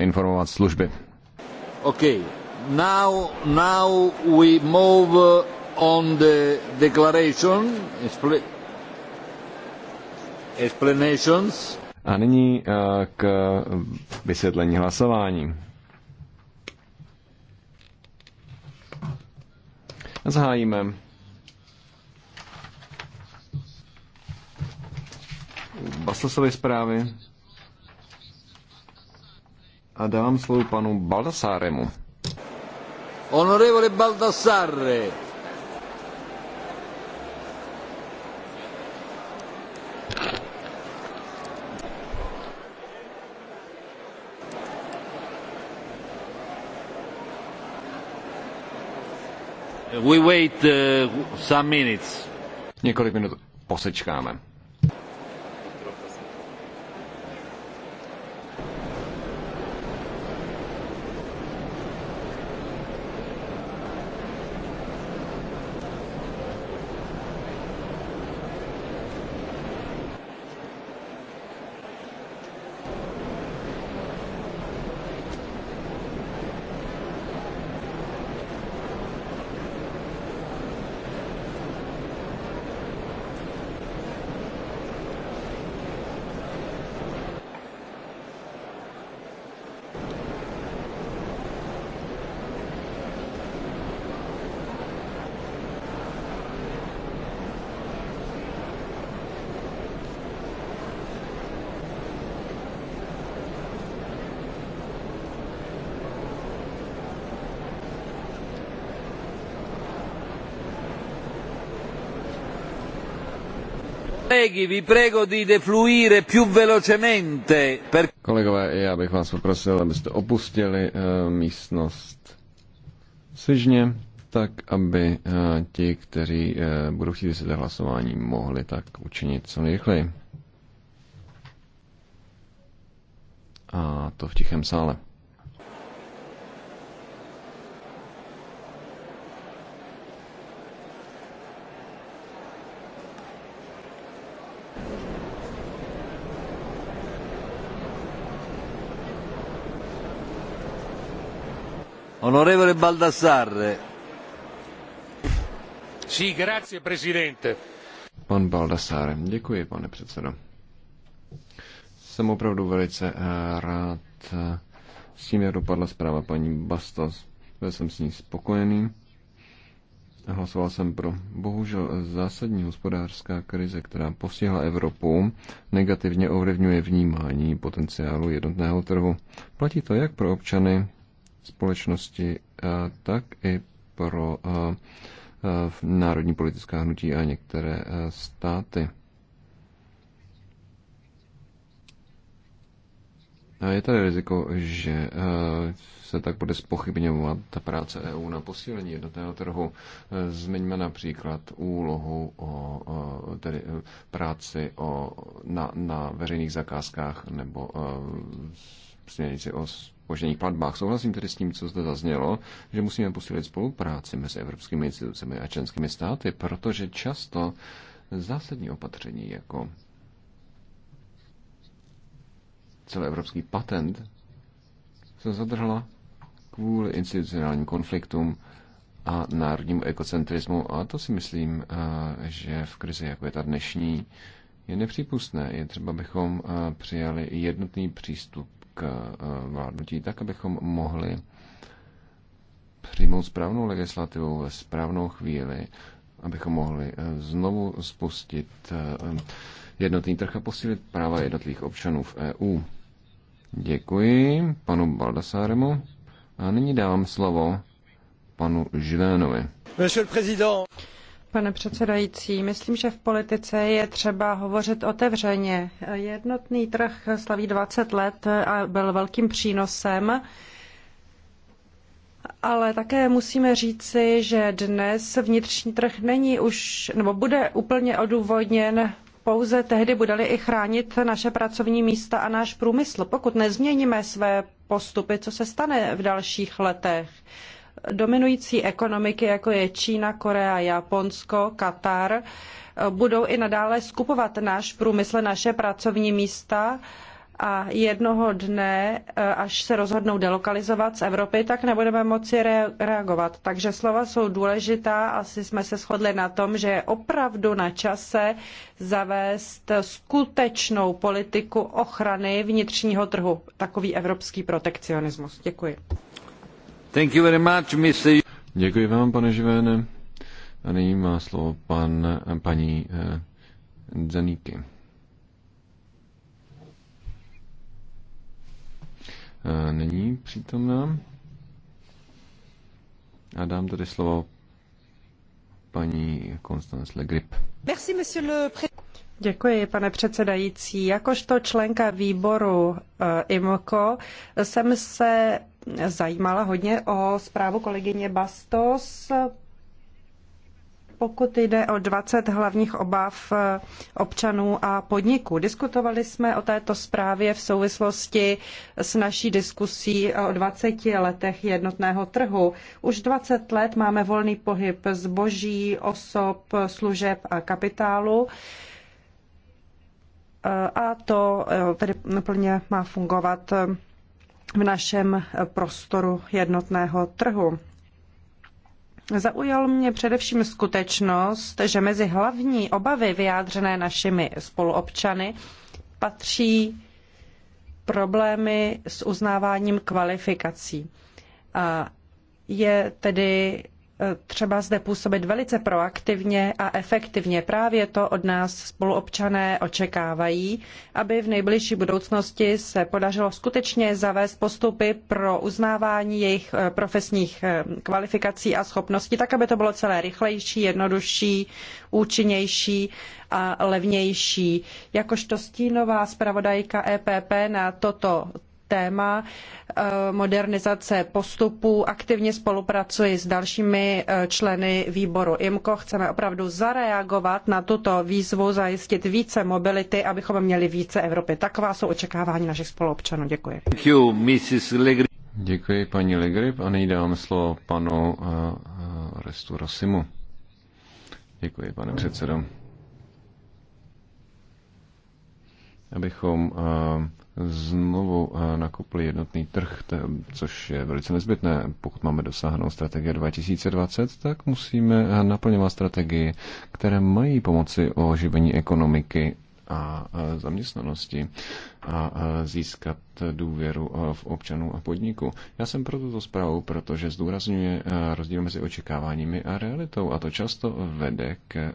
informovat služby. Okay. Now, now we move uh, on the declaration, explanations. A nyní uh, k vysvětlení hlasování. Zahájíme Baslasové zprávy a dávám slovo panu Baldassaremu. Honorevole Baldassare. We wait uh, some minutes. Několik minut posečkáme. Kolegové, já bych vás poprosil, abyste opustili eh, místnost svižně, tak aby eh, ti, kteří eh, budou chtít vysvětlit hlasování, mohli tak učinit co nejrychleji. A to v tichém sále. Onorevole presidente. Pan Baldassare, děkuji, pane předsedo. Jsem opravdu velice eh, rád eh, s tím, jak dopadla zpráva paní Bastos. Byl jsem s ní spokojený. Hlasoval jsem pro. Bohužel zásadní hospodářská krize, která postihla Evropu, negativně ovlivňuje vnímání potenciálu jednotného trhu. Platí to jak pro občany, společnosti, eh, tak i pro eh, eh, národní politická hnutí a některé státy. A je tady riziko, že se tak bude spochybňovat ta práce EU na posílení jednotného trhu. Zmiňme například úlohu o, tedy práci o, na, na veřejných zakázkách nebo směrnici o spožených platbách. Souhlasím tedy s tím, co zde zaznělo, že musíme posílit spolupráci mezi evropskými institucemi a členskými státy, protože často zásadní opatření jako celoevropský patent se zadrhla kvůli institucionálním konfliktům a národnímu ekocentrismu. A to si myslím, eh, že v krizi, jako je ta dnešní, je nepřípustné. Je třeba, bychom eh, přijali jednotný přístup k eh, vládnutí, tak abychom mohli přijmout správnou legislativu ve správnou chvíli, abychom mohli eh, znovu spustit eh, jednotný trh a posílit práva jednotlivých občanů v EU. Děkuji panu Baldasáremu a nyní dávám slovo panu Žilénovi. Pane předsedající, myslím, že v politice je třeba hovořit otevřeně. Jednotný trh slaví 20 let a byl velkým přínosem. Ale také musíme říci, že dnes vnitřní trh není už, nebo bude úplně odůvodněn pouze tehdy li i chránit naše pracovní místa a náš průmysl. Pokud nezměníme své postupy, co se stane v dalších letech? dominující ekonomiky, jako je Čína, Korea, Japonsko, Katar, budou i nadále skupovat náš průmysl, naše pracovní místa a jednoho dne, eh, až se rozhodnou delokalizovat z Evropy, tak nebudeme moci re- reagovat. Takže slova jsou důležitá, asi jsme se shodli na tom, že je opravdu na čase zavést skutečnou politiku ochrany vnitřního trhu, takový evropský protekcionismus. Děkuji. Děkuji vám, pane Živéne. A nyní má slovo pan, eh, paní eh, Zaníky. Eh, není přítomná. A dám tedy slovo paní Constance Legrip. Grip. Merci, monsieur le pré... Děkuji, pane předsedající. Jakožto členka výboru eh, IMCO jsem se zajímala hodně o zprávu kolegyně Bastos. Pokud jde o 20 hlavních obav eh, občanů a podniků, diskutovali jsme o této zprávě v souvislosti s naší diskusí o 20 letech jednotného trhu. Už 20 let máme volný pohyb zboží, osob, služeb a kapitálu eh, a to eh, tedy plně má fungovat v našem prostoru jednotného trhu. Zaujal mě především skutečnost, že mezi hlavní obavy vyjádřené našimi spoluobčany patří problémy s uznáváním kvalifikací. A je tedy třeba zde působit velice proaktivně a efektivně. Právě to od nás spoluobčané očekávají, aby v nejbližší budoucnosti se podařilo skutečně zavést postupy pro uznávání jejich eh, profesních eh, kvalifikací a schopností, tak aby to bylo celé rychlejší, jednodušší, účinnější a levnější. Jakožto stínová zpravodajka EPP na toto téma eh, modernizace postupů. Aktivně spolupracuji s dalšími eh, členy výboru IMCO. Chceme opravdu zareagovat na tuto výzvu, zajistit více mobility, abychom měli více Evropy. Taková jsou očekávání našich spoluobčanů. Děkuji. Děkuji, Děkuji paní Legrip a nyní dám slovo panu eh, Restu Rosimu. Děkuji, pane předsedo. Abychom znovu eh, nakopli jednotný trh, což je velice nezbytné. Pokud máme dosáhnout strategie 2020, tak musíme naplňovat strategii, které mají pomoci o oživení ekonomiky a zaměstnanosti a získat důvěru v občanů a podniku. Já jsem pro tuto zprávu, protože zdůrazňuje rozdíl mezi očekáváními a realitou a to často vede k e,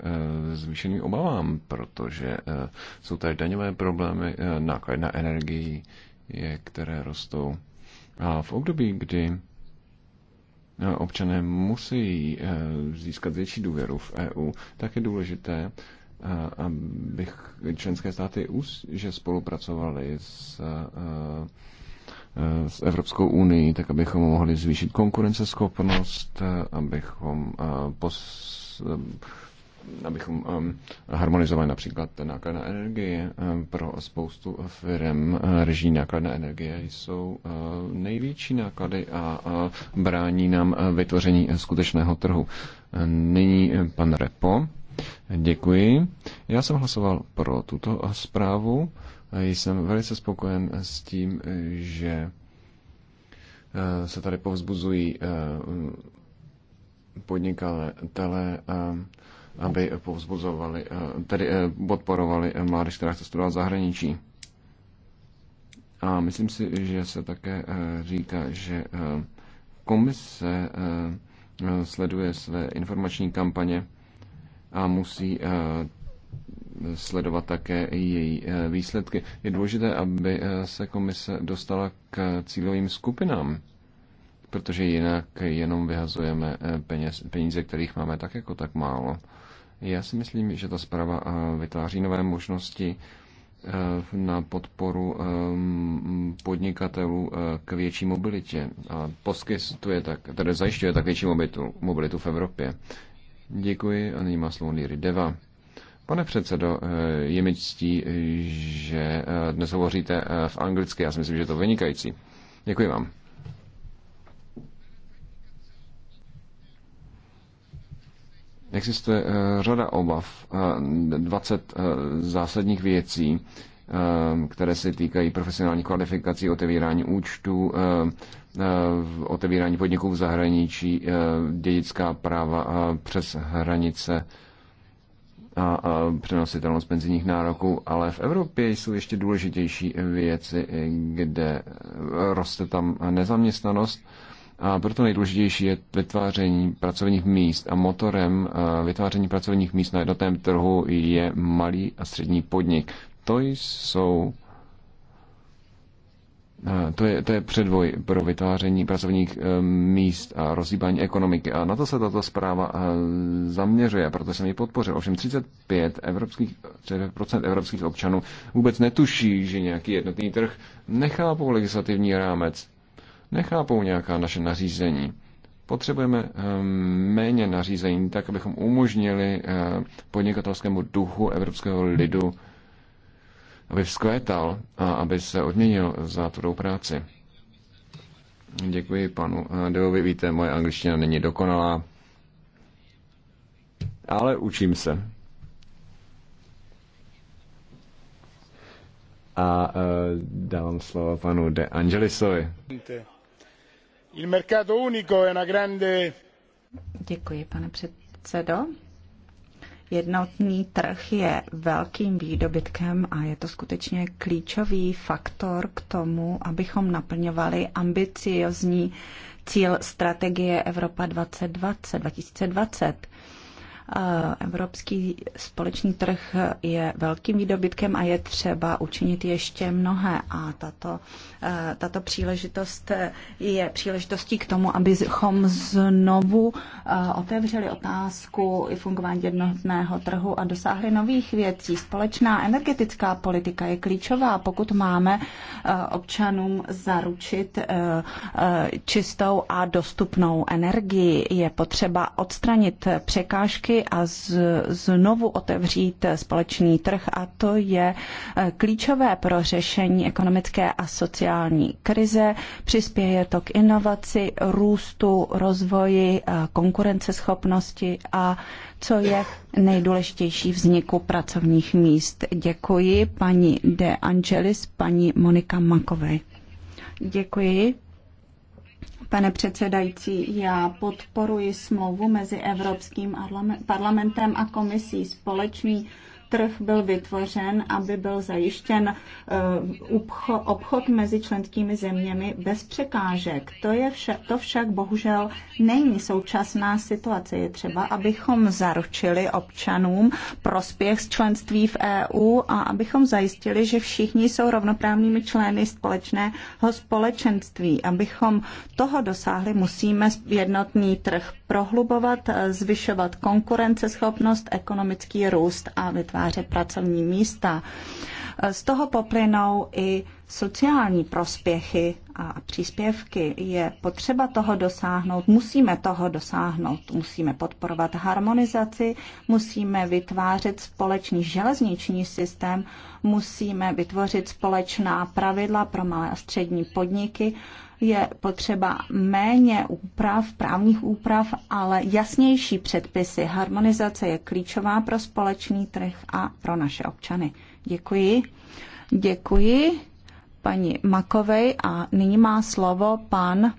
zvýšeným obavám, protože e, jsou tady daňové problémy, e, náklad na energii, které rostou. A v období, kdy občané musí získat větší důvěru v EU, tak je důležité, aby členské státy už, že spolupracovali s, s Evropskou unii, tak abychom mohli zvýšit konkurenceschopnost, abychom pos, abychom harmonizovali například náklad na energie. Pro spoustu firm reží náklad na energie jsou největší náklady a brání nám vytvoření skutečného trhu. Nyní pan Repo. Děkuji. Já jsem hlasoval pro tuto zprávu. Jsem velice spokojen s tím, že eh, se tady povzbuzují eh, podnikatele, eh, aby povzbuzovali, tedy podporovali mládež, která chce studovat zahraničí. A myslím si, že se také říká, že komise sleduje své informační kampaně a musí eh, sledovat také její eh, výsledky. Je důležité, aby eh, se komise dostala k cílovým skupinám, protože jinak jenom vyhazujeme peněz, peníze, kterých máme tak jako tak málo. Já si myslím, že ta zpráva vytváří nové možnosti na podporu podnikatelů k větší mobilitě a poskytuje tak, tedy zajišťuje tak větší mobilitu, mobilitu v Evropě. Děkuji a nyní má slovo Líry Deva. Pane předsedo, eh, je mi ctí, že eh, dnes hovoříte eh, v anglicky. Já si myslím, že je to vynikající. Děkuji vám. Existuje řada obav, 20 zásadních věcí, které se týkají profesionální kvalifikací, otevírání účtů, otevírání podniků v zahraničí, eh, dědická práva eh, přes hranice a, přenositelnost penzijních nároků, ale v Evropě jsou ještě důležitější věci, kde roste tam nezaměstnanost. A proto nejdůležitější je vytváření pracovních míst. A motorem eh, vytváření pracovních míst na jednotném trhu je malý a střední podnik. To jsou to je, to je předvoj pro vytváření pracovních eh, míst a rozhýbání ekonomiky. A na to se tato zpráva eh, zaměřuje, proto jsem ji podpořil. Ovšem 35 evropských, 30% evropských občanů vůbec netuší, že nějaký jednotný trh nechápou legislativní rámec, nechápou nějaká naše nařízení. Potřebujeme eh, méně nařízení, tak abychom umožnili podnikatelskému duchu evropského lidu aby vzkvétal a aby se odměnil za tvrdou práci. Děkuji panu eh, Deovi, víte, moje angličtina není dokonalá, ale učím se. A uh, dávám slovo panu De Angelisovi. Děkuji, pane předsedo. Jednotný trh je velkým výdobytkem a je to skutečně klíčový faktor k tomu, abychom naplňovali ambiciozní cíl strategie Evropa 2020. 2020 Evropský společný trh je velkým výdobytkem a je třeba učinit ještě mnohé. A tato, e, tato příležitost je příležitostí k tomu, abychom znovu e, otevřeli otázku i fungování jednotného trhu a dosáhli nových věcí. Společná energetická politika je klíčová, pokud máme e, občanům zaručit čistou a dostupnou energii. Je potřeba odstranit překážky a z, znovu otevřít společný trh a to je eh, klíčové pro řešení ekonomické a sociální krize. Přispěje to k inovaci, růstu, rozvoji, eh, konkurenceschopnosti a co je nejdůležitější vzniku pracovních míst. Děkuji paní De Angelis, paní Monika Makovej. Děkuji. Pane předsedající, já podporuji smlouvu mezi Evropským parlamentem a komisí společný trh byl vytvořen, aby byl zajištěn eh, obchod mezi členskými zeměmi bez překážek. To, je vše, to však bohužel není současná situace. Je třeba, abychom zaručili občanům prospěch z členství v EU a abychom zajistili, že všichni jsou rovnoprávnými členy společného společenství. Abychom toho dosáhli, musíme jednotný trh prohlubovat, eh, zvyšovat konkurenceschopnost, ekonomický růst a vytvářet pracovní místa. Eh, z toho poplynou i sociální prospěchy a příspěvky. Je potřeba toho dosáhnout, musíme toho dosáhnout, musíme podporovat harmonizaci, musíme vytvářet společný železniční systém, musíme vytvořit společná pravidla pro malé a střední podniky je potřeba méně úprav, právních úprav, ale jasnější předpisy. Harmonizace je klíčová pro společný trh a pro naše občany. Děkuji. Děkuji paní Makovej a nyní má slovo pan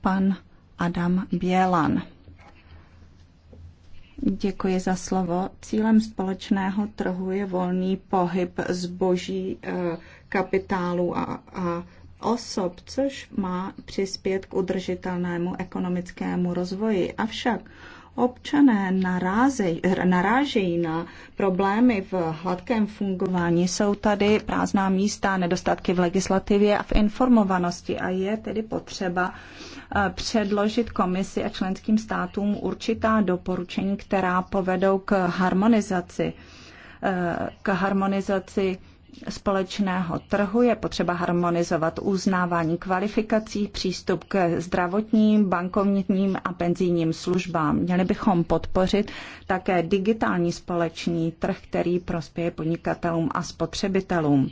pan Adam Bělan. Děkuji za slovo. Cílem společného trhu je volný pohyb zboží eh, kapitálu a, a osob, což má přispět k udržitelnému ekonomickému rozvoji. Avšak občané narázej, narážejí na problémy v hladkém fungování. Jsou tady prázdná místa, nedostatky v legislativě a v informovanosti a je tedy potřeba eh, předložit komisi a členským státům určitá doporučení, která povedou k harmonizaci eh, k harmonizaci společného trhu je potřeba harmonizovat uznávání kvalifikací, přístup k zdravotním, bankovním a penzijním službám. Měli bychom podpořit také digitální společný trh, který prospěje podnikatelům a spotřebitelům.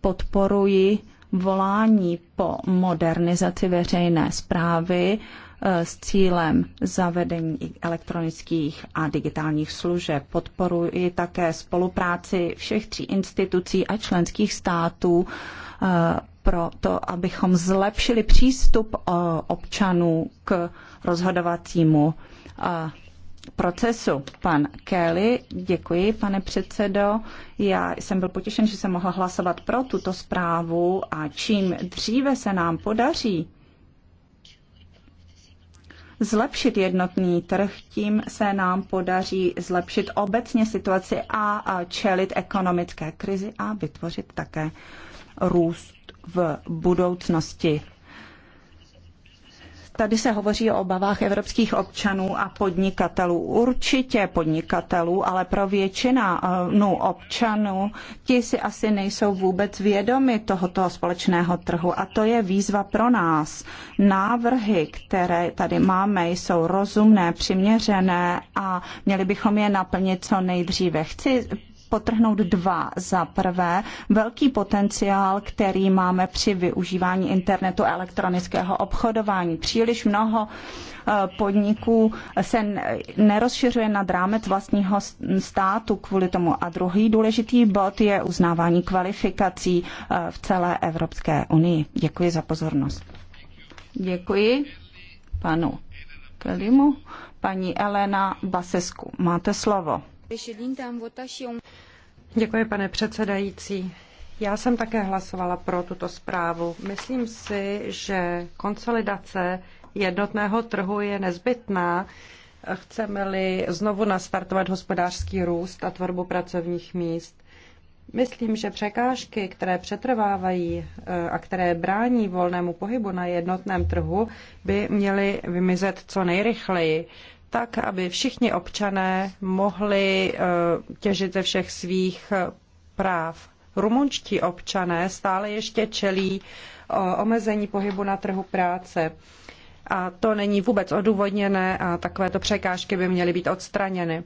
Podporuji volání po modernizaci veřejné zprávy, E, s cílem zavedení elektronických a digitálních služeb. Podporuji také spolupráci všech tří institucí a členských států e, pro to, abychom zlepšili přístup e, občanů k rozhodovacímu procesu. Pan Kelly, děkuji, pane předsedo. Já jsem byl potěšen, že jsem mohla hlasovat pro tuto zprávu a čím dříve se nám podaří zlepšit jednotný trh, tím se nám podaří zlepšit obecně situaci a čelit ekonomické krizi a vytvořit také růst v budoucnosti. Tady se hovoří o obavách evropských občanů a podnikatelů. Určitě podnikatelů, ale pro většina no, občanů ti si asi nejsou vůbec vědomi tohoto společného trhu. A to je výzva pro nás. Návrhy, které tady máme, jsou rozumné, přiměřené a měli bychom je naplnit co nejdříve. Chci potrhnout dva. Za prvé, velký potenciál, který máme při využívání internetu a elektronického obchodování. Příliš mnoho eh, podniků se nerozšiřuje nad rámec vlastního státu kvůli tomu. A druhý důležitý bod je uznávání kvalifikací eh, v celé Evropské unii. Děkuji za pozornost. Děkuji panu Kelimu. Paní Elena Basesku, máte slovo. Děkuji, pane předsedající. Já jsem také hlasovala pro tuto zprávu. Myslím si, že konsolidace jednotného trhu je nezbytná, chceme-li znovu nastartovat hospodářský růst a tvorbu pracovních míst. Myslím, že překážky, které přetrvávají eh, a které brání volnému pohybu na jednotném trhu, by měly vymizet co nejrychleji tak, aby všichni občané mohli eh, těžit ze všech svých eh, práv. Rumunští občané stále ještě čelí omezení pohybu na trhu práce. A to není vůbec odůvodněné a takovéto překážky by měly být odstraněny.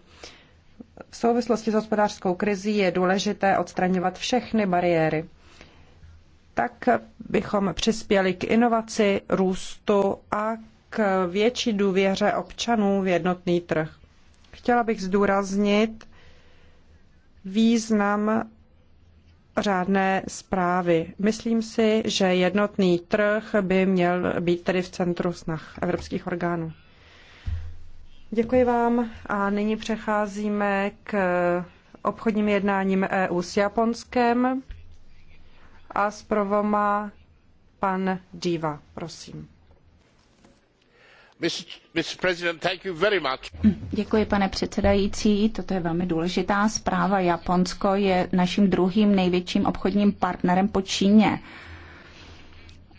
V souvislosti s hospodářskou krizí je důležité odstraňovat všechny bariéry. Tak bychom přispěli k inovaci, růstu a k větší důvěře občanů v jednotný trh. Chtěla bych zdůraznit význam řádné zprávy. Myslím si, že jednotný trh by měl být tedy v centru snah evropských orgánů. Děkuji vám a nyní přecházíme k obchodním jednáním EU s Japonskem a s provoma pan Diva, prosím. Děkuji, pane předsedající. Toto je velmi důležitá zpráva. Japonsko je naším druhým největším obchodním partnerem po Číně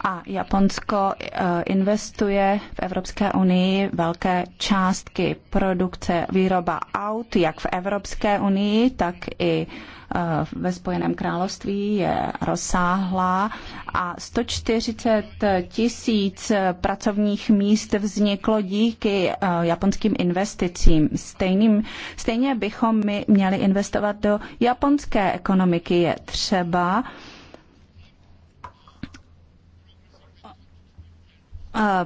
a Japonsko eh, investuje v Evropské unii velké částky produkce výroba aut, jak v Evropské unii, tak i eh, ve Spojeném království je rozsáhlá a 140 tisíc pracovních míst vzniklo díky eh, japonským investicím. Stejným, stejně bychom my měli investovat do japonské ekonomiky. Je třeba uh,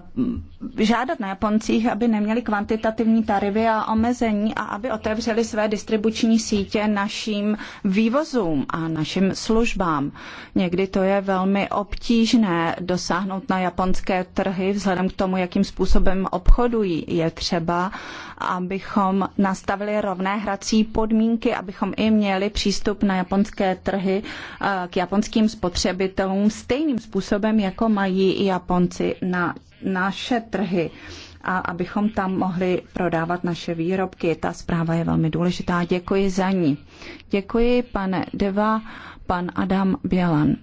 žádat na Japoncích, aby neměli kvantitativní tarify a omezení a aby otevřeli své distribuční sítě našim vývozům a našim službám. Někdy to je velmi obtížné dosáhnout na japonské trhy vzhledem k tomu, jakým způsobem obchodují. Je třeba, abychom nastavili rovné hrací podmínky, abychom i měli přístup na japonské trhy eh, k japonským spotřebitelům stejným způsobem, jako mají i Japonci na naše trhy a abychom tam mohli prodávat naše výrobky. Ta zpráva je velmi důležitá. Děkuji za ní. Děkuji, pane Deva, pan Adam Bělan.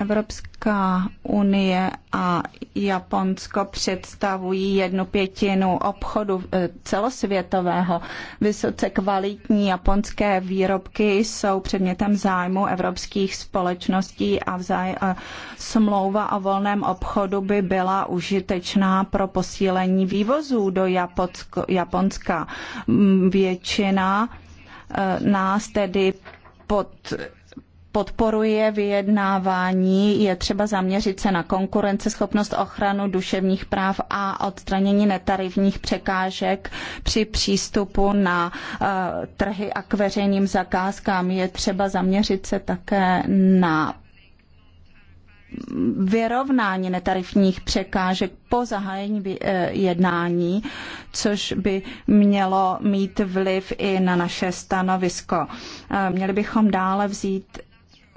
Evropská unie a Japonsko představují jednu pětinu obchodu eh, celosvětového. Vysoce kvalitní japonské výrobky jsou předmětem zájmu evropských společností a, smlouva o volném obchodu by byla užitečná pro posílení vývozů do Japonsko- Japonska. Většina eh, nás tedy pod podporuje vyjednávání, je třeba zaměřit se na konkurenceschopnost, ochranu duševních práv a odstranění netarifních překážek při přístupu na eh, trhy a k veřejným zakázkám. Je třeba zaměřit se také na vyrovnání netarifních překážek po zahájení eh, jednání, což by mělo mít vliv i na naše stanovisko. Eh, měli bychom dále vzít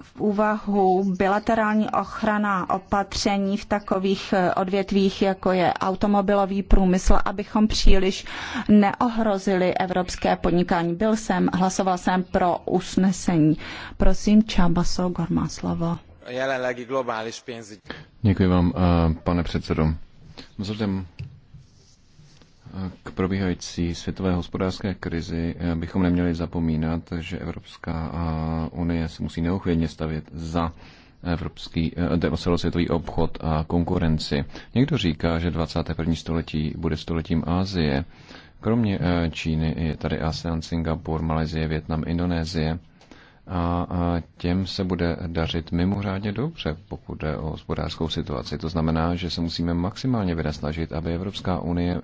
v úvahu bilaterální ochrana opatření v takových eh, odvětvích, jako je automobilový průmysl, abychom příliš neohrozili evropské podnikání. Byl jsem, hlasoval jsem pro usnesení. Prosím, Čambaso, Gorma slovo. Děkuji vám, eh, pane předsedo. Vzhledem k probíhající světové hospodářské krizi eh, bychom neměli zapomínat, že Evropská eh, unie se musí neochvědně stavět za evropský eh, celosvětový obchod a konkurenci. Někdo říká, že 21. století bude stoletím Asie. Kromě Číny je tady ASEAN, Singapur, Malezie, Větnam, Indonésie – a, těm se bude dařit mimořádně dobře, pokud jde o hospodářskou situaci. To znamená, že se musíme maximálně vynasnažit, aby Evropská unie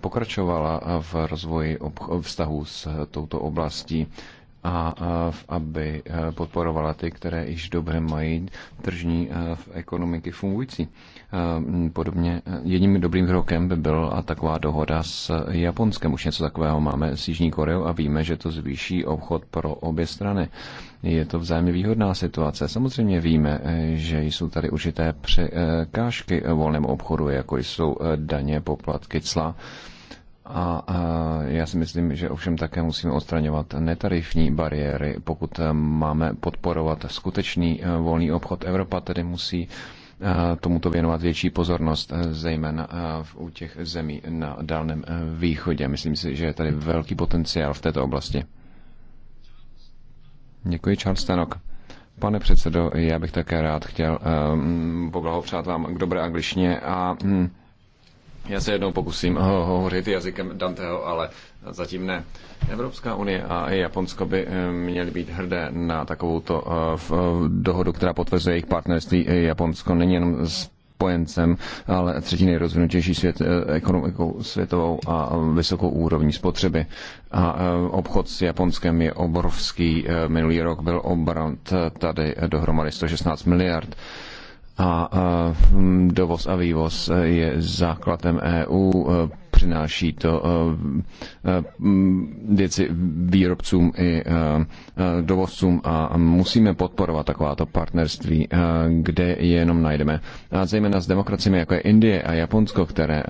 pokračovala v rozvoji vztahu s touto oblastí a, aby eh, podporovala ty, které již dobře mají tržní eh, ekonomiky fungující. Eh, podobně jedním dobrým krokem by byla taková dohoda s Japonskem. Už něco takového máme s Jižní Koreou a víme, že to zvýší obchod pro obě strany. Je to vzájemně výhodná situace. Samozřejmě víme, že jsou tady určité překážky volnému obchodu, jako jsou daně, poplatky, cla a, já si myslím, že ovšem také musíme odstraňovat netarifní bariéry. Pokud e, máme podporovat skutečný e, volný obchod, Evropa tedy musí e, tomuto věnovat větší pozornost, zejména u těch zemí na Dálném východě. Myslím si, že je tady velký potenciál v této oblasti. Děkuji, Charles Stanok. Pane předsedo, já bych také rád chtěl um, poblahopřát vám k dobré angličtině a um, já se jednou pokusím hovořit jazykem Danteho, ale zatím ne. Evropská unie a i Japonsko by eh, měly být hrdé na takovouto eh, eh, dohodu, která potvrzuje jejich partnerství. Japonsko není jenom spojencem, ale třetí nejrozvinutější svět, ekonomikou světovou a vysokou úrovní spotřeby. A obchod s Japonskem je obrovský. Minulý rok byl obrant tady dohromady 116 miliard a hm, dovoz a vývoz e, je základem EU. E, přináší to e, hm, věci výrobcům i dovozcům a musíme podporovat takováto partnerství, kde je jenom najdeme. A zejména s demokraciemi, jako je Indie a Japonsko, které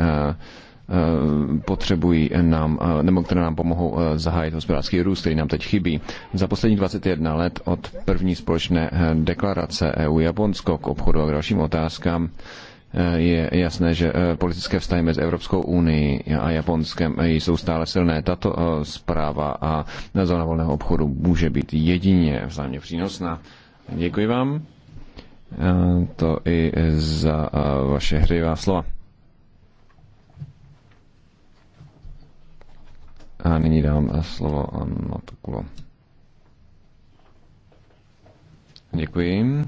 Eh, potřebují nám, eh, nebo které nám pomohou eh, zahájit hospodářský růst, který nám teď chybí. Za poslední 21 let od první společné deklarace EU-Japonsko k obchodu a k dalším otázkám je jasné, že politické vztahy mezi Evropskou unii a Japonskem jsou stále silné. Tato zpráva a zóna volného obchodu může být jedině vzájemně přínosná. Děkuji vám to i za vaše hry slova. A nyní dám slovo eh, Anna Pekulo. Děkuji.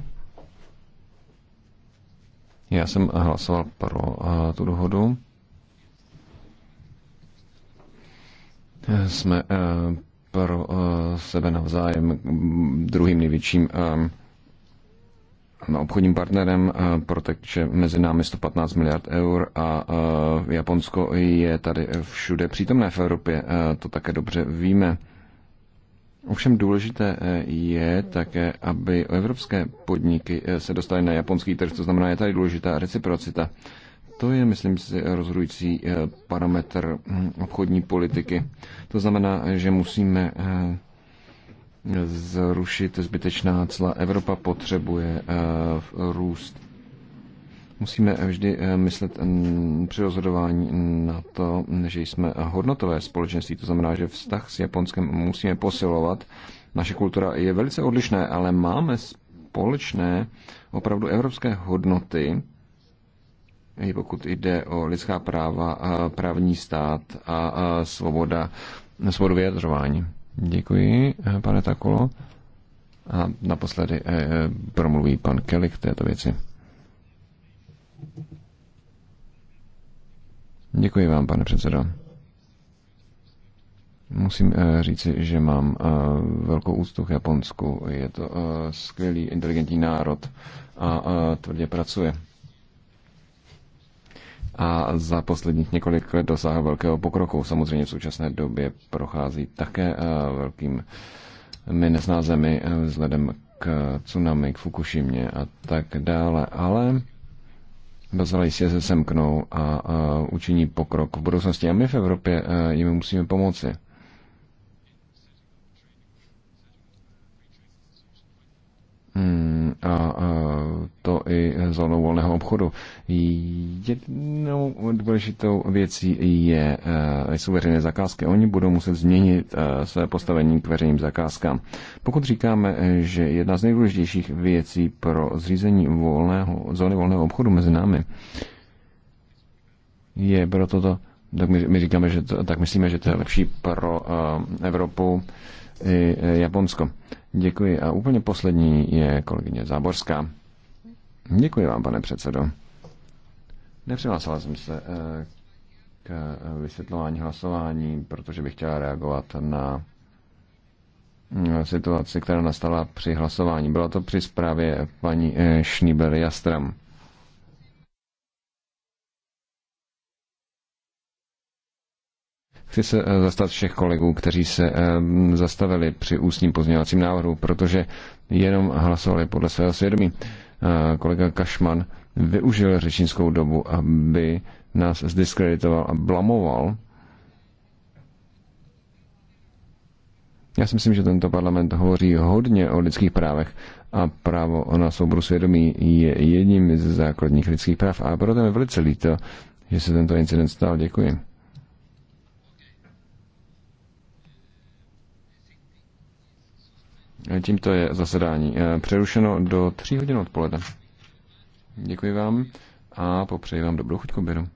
Já jsem hlasoval pro eh, tu dohodu. Jsme eh, pro sebe navzájem druhým největším obchodním partnerem, eh, protože mezi námi 115 miliard eur a eh, Japonsko je tady všude přítomné v Evropě, eh, to také dobře víme. Ovšem důležité je také, aby evropské podniky se dostaly na japonský trh, to znamená, je tady důležitá reciprocita. To je, myslím si, rozhodující parametr hm, obchodní politiky. To znamená, že musíme zrušit zbytečná cla. Evropa potřebuje eh, růst. Musíme vždy eh, myslet při rozhodování na to, že jsme hodnotové společenství, to znamená, že vztah s Japonskem musíme posilovat. Naše kultura je velice odlišná, ale máme společné opravdu evropské hodnoty, i pokud jde o lidská práva, eh, právní stát a svoboda, svobodu vyjadřování. Děkuji, eh, pane Takolo. A naposledy eh, eh, promluví pan Kelly k této věci. Děkuji vám, pane předsedo. Musím říci, že mám velkou úctu k Japonsku. Je to skvělý, inteligentní národ a tvrdě pracuje a za posledních několik let dosáhl velkého pokroku. Samozřejmě v současné době prochází také eh, velkým neznázemi eh, vzhledem k tsunami, k Fukushimě a tak dále, ale Bezala jistě se semknou a, a eh, učiní pokrok v budoucnosti. A my v Evropě jim musíme pomoci. Hmm, a to i zónou volného obchodu. Jednou důležitou věcí je, eh, jsou veřejné zakázky. Oni budou muset změnit eh, své postavení k veřejným zakázkám. Pokud říkáme, že jedna z nejdůležitějších věcí pro zřízení volného, zóny volného obchodu mezi námi je pro toto, tak my, my říkáme, že to, tak myslíme, že to je lepší pro eh, Evropu i e, Japonsko. Děkuji. A úplně poslední je kolegyně Záborská. Děkuji vám, pane předsedo. Nepřihlásila jsem se e, k vysvětlování hlasování, protože bych chtěla reagovat na e, situaci, která nastala při hlasování. Bylo to při zprávě paní Schnieber Jastram. Chci se eh, zastat všech kolegů, kteří se eh, zastavili při ústním pozměňovacím návrhu, protože jenom hlasovali podle svého svědomí. Eh, kolega Kašman využil řečnickou dobu, aby nás zdiskreditoval a blamoval. Já si myslím, že tento parlament hovoří hodně o lidských právech a právo na souboru svědomí je jedním ze základních lidských práv a proto mi velice líto, že se tento incident stal. Děkuji. Tímto je zasedání eh, přerušeno do 3 hodin odpoledne. Děkuji vám a popřeji vám dobrou chuť k obědu.